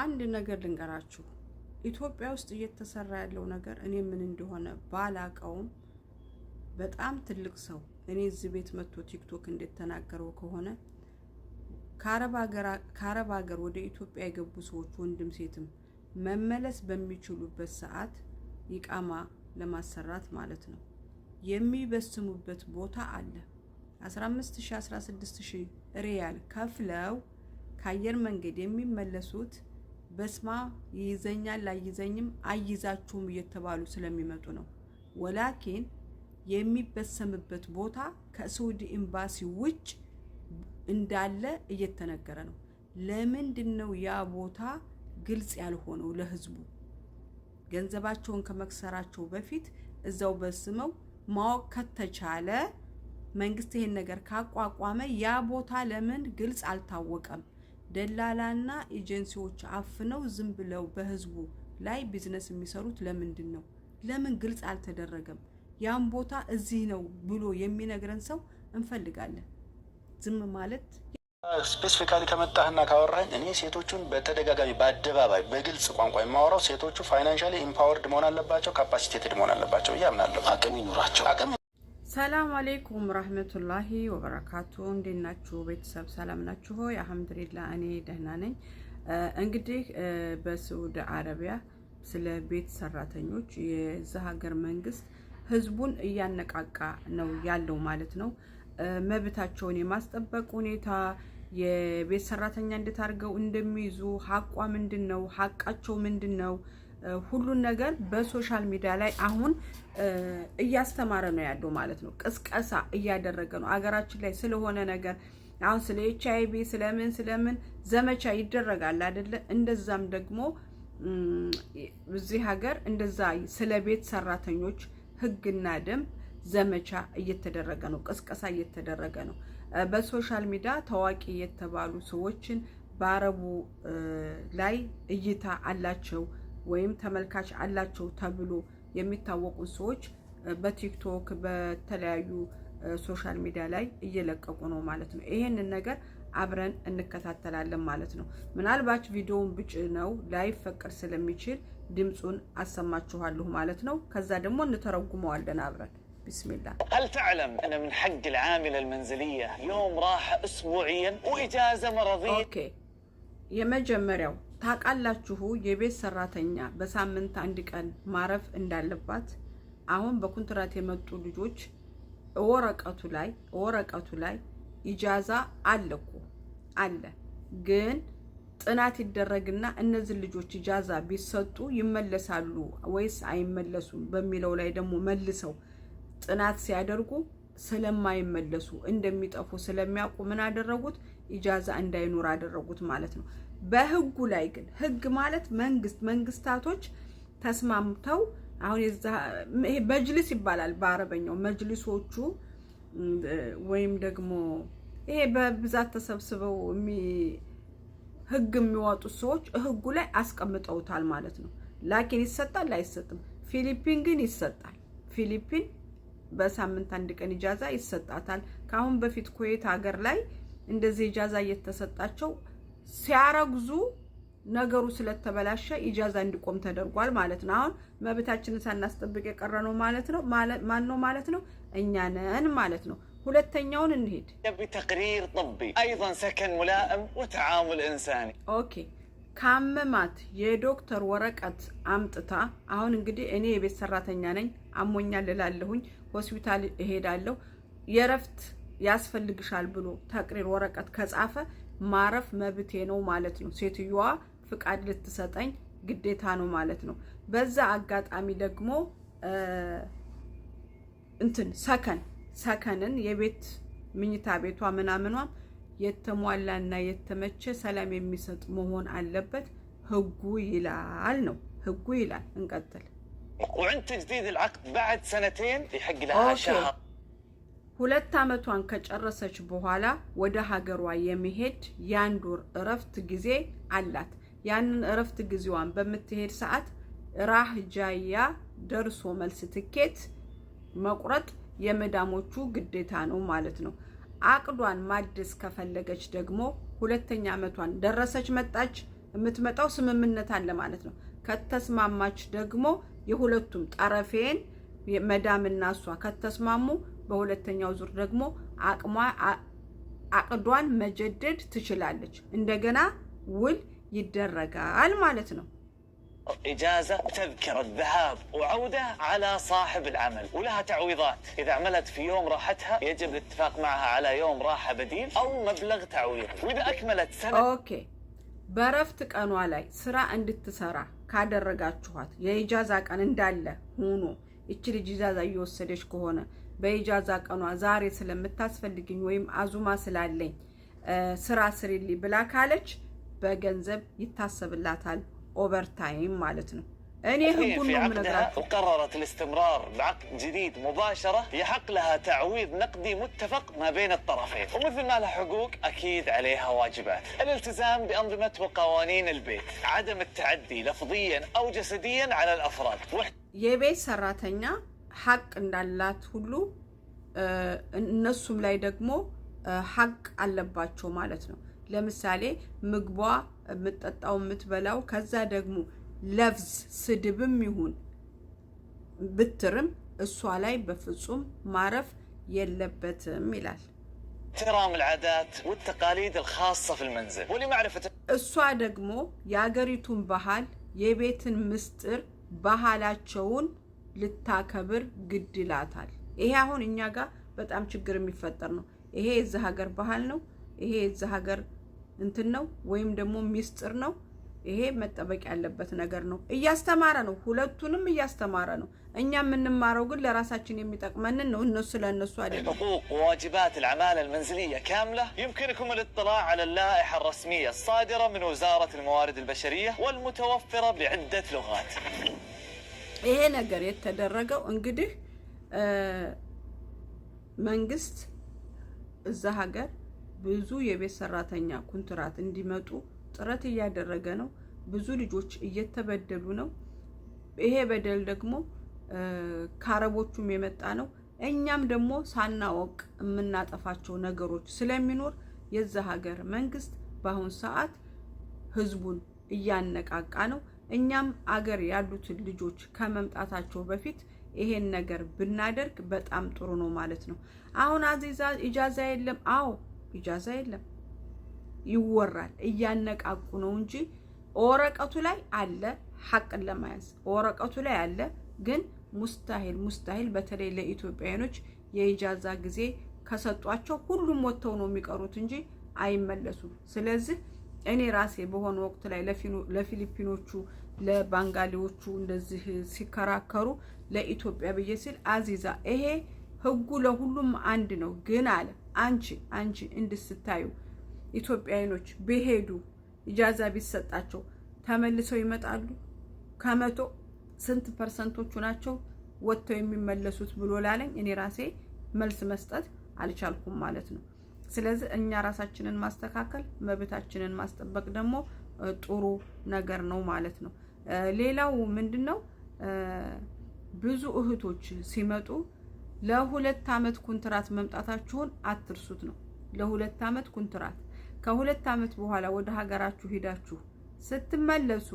አንድ ነገር ልንገራችሁ። ኢትዮጵያ ውስጥ እየተሰራ ያለው ነገር እኔ ምን እንደሆነ ባላቀውም በጣም ትልቅ ሰው እኔ እዚህ ቤት መጥቶ ቲክቶክ እንደተናገረው ከሆነ ከአረብ ሀገር ወደ ኢትዮጵያ የገቡ ሰዎች ወንድም ሴትም መመለስ በሚችሉበት ሰዓት ይቃማ ለማሰራት ማለት ነው የሚበስሙበት ቦታ አለ። 15000፣ 16000 ሪያል ከፍለው ከአየር መንገድ የሚመለሱት በስማ ይይዘኛል አይይዘኝም አይይዛችሁም እየተባሉ ስለሚመጡ ነው። ወላኪን የሚበሰምበት ቦታ ከሳዑዲ ኤምባሲ ውጭ እንዳለ እየተነገረ ነው። ለምንድን ነው ያ ቦታ ግልጽ ያልሆነው ለህዝቡ? ገንዘባቸውን ከመክሰራቸው በፊት እዛው በስመው ማወቅ ከተቻለ መንግስት ይሄን ነገር ካቋቋመ ያ ቦታ ለምን ግልጽ አልታወቀም? ደላላና ኤጀንሲዎች አፍነው ዝም ብለው በህዝቡ ላይ ቢዝነስ የሚሰሩት ለምንድን ነው? ለምን ግልጽ አልተደረገም? ያም ቦታ እዚህ ነው ብሎ የሚነግረን ሰው እንፈልጋለን። ዝም ማለት ስፔሲፊካሊ ከመጣህና ካወራኝ እኔ ሴቶቹን በተደጋጋሚ በአደባባይ በግልጽ ቋንቋ የማወራው ሴቶቹ ፋይናንሻሊ ኢምፓወርድ መሆን አለባቸው፣ ካፓሲቴትድ መሆን አለባቸው እያምናለሁ። አቅም ይኑራቸው። ሰላም አሌይኩም ራህመቱላሂ ወበረካቱ። እንዴት ናችሁ ቤተሰብ? ሰላም ናችሁ ሆይ? አልሐምዱሊላህ እኔ ደህና ነኝ። እንግዲህ በስዑድ አረቢያ ስለ ቤት ሰራተኞች የዛ ሀገር መንግስት ህዝቡን እያነቃቃ ነው ያለው ማለት ነው። መብታቸውን የማስጠበቅ ሁኔታ የቤት ሰራተኛ እንዴት አድርገው እንደሚይዙ ሀቋ ምንድን ነው? ሀቃቸው ምንድን ነው? ሁሉን ነገር በሶሻል ሚዲያ ላይ አሁን እያስተማረ ነው ያለው ማለት ነው። ቅስቀሳ እያደረገ ነው አገራችን ላይ ስለሆነ ነገር አሁን ስለ ኤች አይ ቪ ስለምን ስለምን ዘመቻ ይደረጋል አይደለ? እንደዛም ደግሞ እዚህ ሀገር እንደዛ ስለ ቤት ሰራተኞች ህግና ደንብ ዘመቻ እየተደረገ ነው፣ ቅስቀሳ እየተደረገ ነው። በሶሻል ሚዲያ ታዋቂ የተባሉ ሰዎችን በአረቡ ላይ እይታ አላቸው ወይም ተመልካች አላቸው ተብሎ የሚታወቁ ሰዎች በቲክቶክ በተለያዩ ሶሻል ሚዲያ ላይ እየለቀቁ ነው ማለት ነው። ይሄንን ነገር አብረን እንከታተላለን ማለት ነው። ምናልባት ቪዲዮውን ብጭ ነው ላይፈቀድ ስለሚችል ድምፁን አሰማችኋለሁ ማለት ነው። ከዛ ደግሞ እንተረጉመዋለን አብረን ብስሚላ هل تعلم أن من حق العاملة المنزلية يوم راحة أسبوعيا وإجازة مرضية? أوكي የመጀመሪያው ታውቃላችሁ የቤት ሰራተኛ በሳምንት አንድ ቀን ማረፍ እንዳለባት አሁን በኮንትራት የመጡ ልጆች ወረቀቱ ላይ ወረቀቱ ላይ ኢጃዛ አለ አለ። ግን ጥናት ይደረግና እነዚህ ልጆች ኢጃዛ ቢሰጡ ይመለሳሉ ወይስ አይመለሱም በሚለው ላይ ደግሞ መልሰው ጥናት ሲያደርጉ ስለማይመለሱ እንደሚጠፉ ስለሚያውቁ ምን አደረጉት? ኢጃዛ እንዳይኖር አደረጉት ማለት ነው። በህጉ ላይ ግን ህግ ማለት መንግስት መንግስታቶች ተስማምተው አሁን ይሄ መጅልስ ይባላል በአረበኛው መጅልሶቹ ወይም ደግሞ ይሄ በብዛት ተሰብስበው ህግ የሚወጡት ሰዎች ህጉ ላይ አስቀምጠውታል ማለት ነው። ላኪን ይሰጣል አይሰጥም? ፊሊፒን ግን ይሰጣል። ፊሊፒን በሳምንት አንድ ቀን ኢጃዛ ይሰጣታል። ከአሁን በፊት ኩዌት ሀገር ላይ እንደዚህ ኢጃዛ እየተሰጣቸው ሲያረግዙ ነገሩ ስለተበላሸ ኢጃዛ እንዲቆም ተደርጓል ማለት ነው። አሁን መብታችንን ሳናስጠብቅ የቀረ ነው ማለት ነው። ማን ነው ማለት ነው? እኛ ነን ማለት ነው። ሁለተኛውን እንሄድ። ተቅሪር ጥቢ አይን ሰከን ሙላእም ወተዓሙል ኢንሳኒ ኦኬ ካመማት የዶክተር ወረቀት አምጥታ አሁን እንግዲህ እኔ የቤት ሰራተኛ ነኝ፣ አሞኛል እላለሁኝ፣ ሆስፒታል እሄዳለሁ የረፍት ያስፈልግሻል ብሎ ተቅሪር ወረቀት ከጻፈ ማረፍ መብቴ ነው ማለት ነው። ሴትዮዋ ፍቃድ ልትሰጠኝ ግዴታ ነው ማለት ነው። በዛ አጋጣሚ ደግሞ እንትን ሰከን ሰከንን የቤት ምኝታ ቤቷ የተሟላ የተሟላና የተመቸ ሰላም የሚሰጥ መሆን አለበት ህጉ ይላል ነው ህጉ ይላል። እንቀጥል ሁለት ዓመቷን ከጨረሰች በኋላ ወደ ሀገሯ የሚሄድ የአንድ ወር እረፍት ጊዜ አላት። ያንን እረፍት ጊዜዋን በምትሄድ ሰዓት ራህጃያ ደርሶ መልስ ትኬት መቁረጥ የመዳሞቹ ግዴታ ነው ማለት ነው። አቅዷን ማደስ ከፈለገች ደግሞ ሁለተኛ ዓመቷን ደረሰች መጣች፣ የምትመጣው ስምምነት አለ ማለት ነው። ከተስማማች ደግሞ የሁለቱም ጠረፌን መዳምና እሷ ከተስማሙ በሁለተኛው ዙር ደግሞ አቅሟ አቅዷን መጀደድ ትችላለች። እንደገና ውል ይደረጋል ማለት ነው። إجازة تذكرة ذهاب وعودة على صاحب العمل ولها تعويضات إذا عملت في يوم راحتها يجب الاتفاق معها على يوم راحة بديل أو مبلغ تعويض وإذا أكملت سنة أوكي በረፍት ቀኗ ላይ ስራ እንድትሰራ ካደረጋችኋት የኢጃዛ ቀን እንዳለ ሆኖ እቺ ልጅ ኢጃዛ እየወሰደች ከሆነ በኢጃዛ ቀኗ ዛሬ ስለምታስፈልግኝ ወይም አዙማ ስላለኝ ስራ ስሪልኝ ብላ ካለች በገንዘብ ይታሰብላታል። ኦቨር ማለት ነው። እኔ ህጉን ነው የምነግራቸው። وقررت الاستمرار بعقد جديد مباشرة يحق لها تعويض نقدي متفق ما بين الطرفين ومثل ما لها حقوق أكيد عليها واجبات الالتزام بأنظمة وقوانين البيت عدم التعدي لفظيا أو جسديا على الأفراد የቤት ሰራተኛ ሀቅ እንዳላት ሁሉ እነሱም ላይ ደግሞ ሀቅ አለባቸው ማለት ነው። ለምሳሌ ምግቧ፣ የምጠጣው፣ የምትበላው ከዛ ደግሞ ለፍዝ ስድብም ይሁን ብትርም እሷ ላይ በፍጹም ማረፍ የለበትም ይላል። እሷ ደግሞ የአገሪቱን ባህል የቤትን ምስጢር ባህላቸውን ልታከብር ግድ ይላታል። ይሄ አሁን እኛ ጋር በጣም ችግር የሚፈጠር ነው። ይሄ የዛ ሀገር ባህል ነው። ይሄ የዛ ሀገር እንትን ነው፣ ወይም ደግሞ ሚስጥር ነው። ይሄ መጠበቅ ያለበት ነገር ነው። እያስተማረ ነው፣ ሁለቱንም እያስተማረ ነው። እኛ የምንማረው ግን ለራሳችን የሚጠቅመንን ነው። እነሱ ለእነሱ አይደለም። حقوق وواجبات العمالة المنزلية كاملة يمكنكم الاطلاع على اللائحة الرسمية الصادرة من وزارة الموارد البشرية والمتوفرة بعدة لغات ይሄ ነገር የተደረገው እንግዲህ መንግስት እዛ ሀገር ብዙ የቤት ሰራተኛ ኩንትራት እንዲመጡ ጥረት እያደረገ ነው። ብዙ ልጆች እየተበደሉ ነው። ይሄ በደል ደግሞ ከአረቦቹም የመጣ ነው። እኛም ደግሞ ሳናወቅ የምናጠፋቸው ነገሮች ስለሚኖር የዛ ሀገር መንግስት በአሁን ሰዓት ህዝቡን እያነቃቃ ነው። እኛም አገር ያሉትን ልጆች ከመምጣታቸው በፊት ይሄን ነገር ብናደርግ በጣም ጥሩ ነው ማለት ነው። አሁን አዚዛ ኢጃዛ የለም። አዎ ኢጃዛ የለም ይወራል። እያነቃቁ ነው እንጂ ወረቀቱ ላይ አለ፣ ሀቅን ለመያዝ ወረቀቱ ላይ አለ። ግን ሙስታሂል ሙስታሂል፣ በተለይ ለኢትዮጵያውያኖች የኢጃዛ ጊዜ ከሰጧቸው ሁሉም ወጥተው ነው የሚቀሩት እንጂ አይመለሱም። ስለዚህ እኔ ራሴ በሆነ ወቅት ላይ ለፊሊፒኖቹ ለባንጋሊዎቹ እንደዚህ ሲከራከሩ ለኢትዮጵያ ብዬ ሲል አዚዛ ይሄ ህጉ ለሁሉም አንድ ነው፣ ግን አለ አንቺ አንቺ እንድስታዩ ኢትዮጵያኖች ቢሄዱ ኢጃዛ ቢሰጣቸው ተመልሰው ይመጣሉ። ከመቶ ስንት ፐርሰንቶቹ ናቸው ወጥተው የሚመለሱት ብሎ ላለኝ እኔ ራሴ መልስ መስጠት አልቻልኩም ማለት ነው። ስለዚህ እኛ ራሳችንን ማስተካከል መብታችንን ማስጠበቅ ደግሞ ጥሩ ነገር ነው ማለት ነው። ሌላው ምንድን ነው ብዙ እህቶች ሲመጡ ለሁለት ዓመት ኩንትራት መምጣታችሁን አትርሱት ነው። ለሁለት ዓመት ኩንትራት ከሁለት ዓመት በኋላ ወደ ሀገራችሁ ሂዳችሁ ስትመለሱ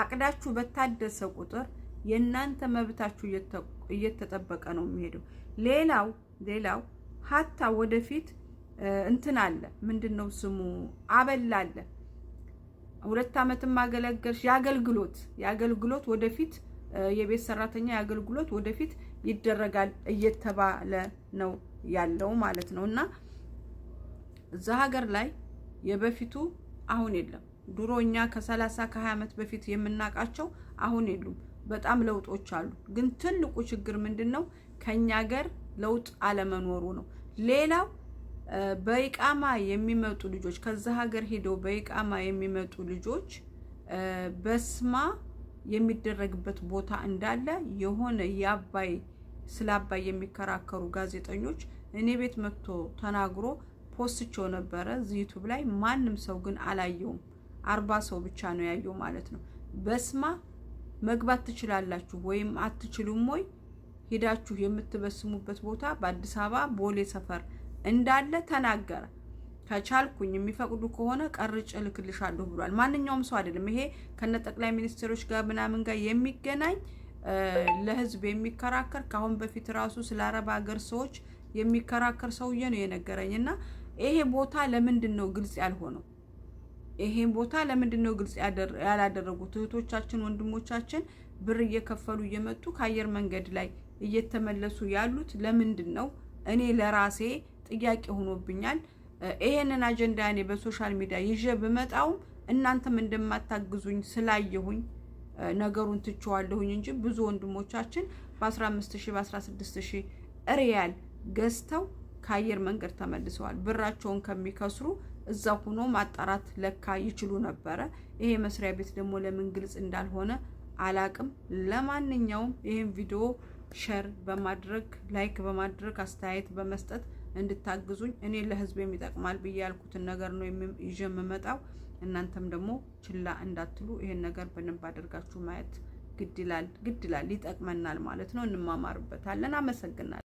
አቅዳችሁ በታደሰ ቁጥር የእናንተ መብታችሁ እየተጠበቀ ነው የሚሄደው። ሌላው ሌላው ሀታ ወደፊት እንትን አለ ምንድን ነው ስሙ አበል አለ። ሁለት ዓመትም ማገለገልሽ የአገልግሎት የአገልግሎት ወደፊት የቤት ሰራተኛ የአገልግሎት ወደፊት ይደረጋል እየተባለ ነው ያለው ማለት ነው። እና እዛ ሀገር ላይ የበፊቱ አሁን የለም። ድሮ እኛ ከ30 ከ20 ዓመት በፊት የምናውቃቸው አሁን የሉም። በጣም ለውጦች አሉ። ግን ትልቁ ችግር ምንድን ነው? ከእኛ ሀገር ለውጥ አለመኖሩ ነው። ሌላው በኢቃማ የሚመጡ ልጆች ከዛ ሀገር ሄደው በኢቃማ የሚመጡ ልጆች በስማ የሚደረግበት ቦታ እንዳለ የሆነ የአባይ ስለ አባይ የሚከራከሩ ጋዜጠኞች እኔ ቤት መጥቶ ተናግሮ ፖስትቸው ነበረ ዩቱብ ላይ። ማንም ሰው ግን አላየውም። አርባ ሰው ብቻ ነው ያየው ማለት ነው። በስማ መግባት ትችላላችሁ ወይም አትችሉም ወይ? ሄዳችሁ የምትበስሙበት ቦታ በአዲስ አበባ ቦሌ ሰፈር እንዳለ ተናገረ። ከቻልኩኝ የሚፈቅዱ ከሆነ ቀርጭ እልክልሻለሁ ብሏል። ማንኛውም ሰው አይደለም። ይሄ ከነ ጠቅላይ ሚኒስትሮች ጋር ምናምን ጋር የሚገናኝ ለህዝብ የሚከራከር ከአሁን በፊት ራሱ ስለ አረብ ሀገር ሰዎች የሚከራከር ሰውዬ ነው የነገረኝ። እና ይሄ ቦታ ለምንድን ነው ግልጽ ያልሆነው? ይሄን ቦታ ለምንድን ነው ግልጽ ያላደረጉት? እህቶቻችን ወንድሞቻችን ብር እየከፈሉ እየመጡ ከአየር መንገድ ላይ እየተመለሱ ያሉት ለምንድን ነው? እኔ ለራሴ ጥያቄ ሆኖብኛል። ይሄንን አጀንዳ እኔ በሶሻል ሚዲያ ይዤ ብመጣውም እናንተም እንደማታግዙኝ ስላየሁኝ ነገሩን ትችዋለሁኝ እንጂ ብዙ ወንድሞቻችን በ15 ሺህ በ16 ሺህ ሪያል ገዝተው ከአየር መንገድ ተመልሰዋል። ብራቸውን ከሚከስሩ እዛ ሆኖ ማጣራት ለካ ይችሉ ነበረ። ይሄ መስሪያ ቤት ደግሞ ለምን ግልጽ እንዳልሆነ አላቅም። ለማንኛውም ይህን ቪዲዮ ሸር በማድረግ ላይክ በማድረግ አስተያየት በመስጠት እንድታግዙኝ እኔ ለህዝብ የሚጠቅማል ብዬ ያልኩትን ነገር ነው ይዤ የምመጣው። እናንተም ደግሞ ችላ እንዳትሉ ይሄን ነገር በደንብ አድርጋችሁ ማየት ግድላል ግድላል ይጠቅመናል ማለት ነው። እንማማርበታለን። አመሰግናለሁ።